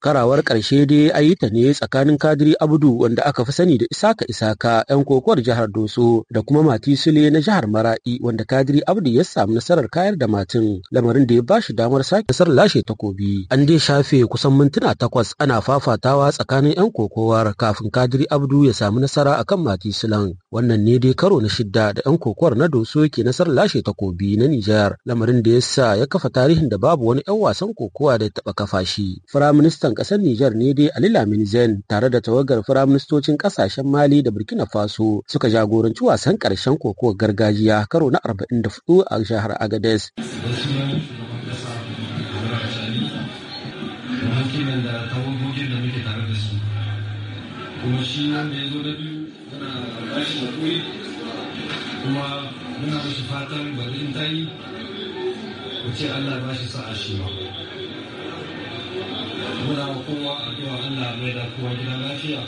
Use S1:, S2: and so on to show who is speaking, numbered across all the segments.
S1: karawar ƙarshe dai a yi ta ne tsakanin kadiri abdu wanda aka fi sani da isaka isaka yan kokowar jihar doso da kuma mati sule na jihar mara'i wanda kadiri abdu ya samu nasarar kayar da matin lamarin da ya ba shi damar sake nasarar lashe takobi an dai shafe kusan mintuna takwas ana fafatawa tsakanin yan kokowar kafin kadiri abdu ya samu nasara a kan mati sulan wannan ne dai karo na shidda da yan kokowar na doso ke nasarar lashe takobi na nijar lamarin da ya sa ya kafa tarihin da babu wani yan wasan kokowa da ya taɓa kafa shi firaminista ministan ƙasar Nijar ne dai Ali Lamin Zen tare da tawagar firaministocin ƙasashen Mali da Burkina Faso suka jagoranci wasan ƙarshen kokowar gargajiya karo na 44 a jihar Agadez. kuma da biyu fatan bari in ta ku ce Allah ba shi sa'a shi ba. muna ma kowa addu'a Allah mai da kowa gida lafiya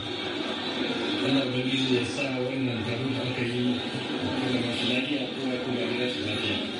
S1: Allah ubangiji ya sa wa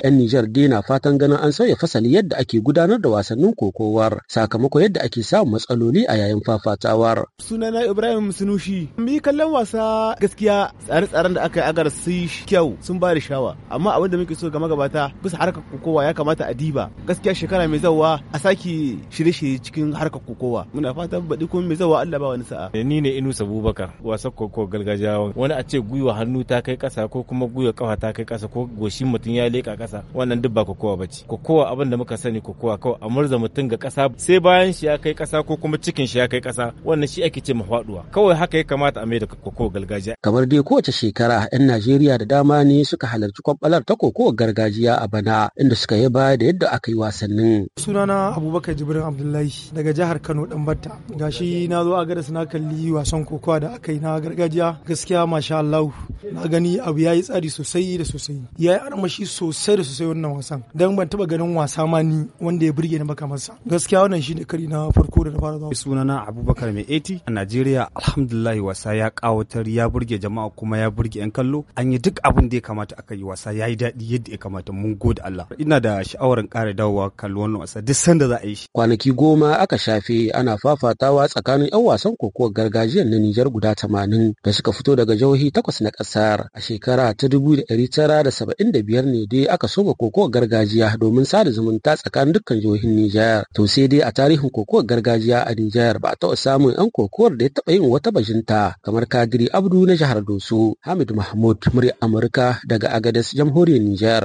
S1: 'yan Nijar dai na fatan ganin an sauya fasali yadda ake gudanar da wasannin kokowar Sakamako yadda ake samun matsaloli a yayin fafatawar. Sunana Ibrahim Sunushi, yi kallon wasa gaskiya tsare-tsaren da aka yi agar su kyau sun ba da shawa, amma abin da muke so game gabata bisa harkar kokowa ya kamata a diba. Gaskiya shekara mai zawa a sake shirye-shirye cikin harkar kokowa. Muna fatan baɗi kuma mai zawa Allah ba wani sa'a. Eh, ni ne Inusa Abubakar, wasan kokowa gargajiya wani a ce gwiwa hannu ta kai ƙasa ko kuma gwiwa ƙafa ta kai ƙasa ko goshin mutum ya leƙa ƙasa. kasa wannan duk ba kokowa ce kokowa abin da muka sani kokowa kawai a murza mutum ga kasa sai bayan shi ya kai kasa ko kuma cikin shi ya kai kasa wannan shi ake ce mafaduwa kawai haka ya kamata a mai da kokowa gargajiya kamar dai kowace shekara yan Najeriya da dama ne suka halarci kwambalar ta kokowa gargajiya a bana inda suka yi baya da yadda aka yi wasannin
S2: sunana Abubakar Jibrin Abdullahi daga jihar Kano dan Batta gashi na zo a gadas na kalli wasan kokowa da aka yi na gargajiya gaskiya masha Allah na gani abu ya yi tsari sosai da sosai ya yi armashi sosai da sosai wannan wasan dan ban taba ganin wasa ma ni wanda ya burge ni ba masa gaskiya wannan shine kari na farko da na fara zuwa
S1: sunana Abubakar Mai eti a Najeriya alhamdulillah wasa ya kawatar ya burge jama'a kuma ya burge yan kallo an yi duk abin da ya kamata aka yi wasa ya yi daɗi yadda ya kamata mun gode Allah ina da sha'awar ƙara dawowa kallo wannan wasa duk sanda za a yi shi kwanaki goma aka shafe ana fafatawa tsakanin 'yan wasan kokowar gargajiyar na Nijar guda 80 da suka fito daga jihohi takwas na ƙasa gasar a shekara ta 1975 ne dai aka soma kokowar gargajiya domin sada zumunta tsakanin dukkan jihohin Nijar to sai dai a tarihin kokowar gargajiya a Nijar ba a taɓa samun yan kokowar da ya taɓa yin wata bajinta kamar Kadiri Abdu na jihar Doso Hamid Mahmud murya Amurka daga Agadez jamhuriyar Nijar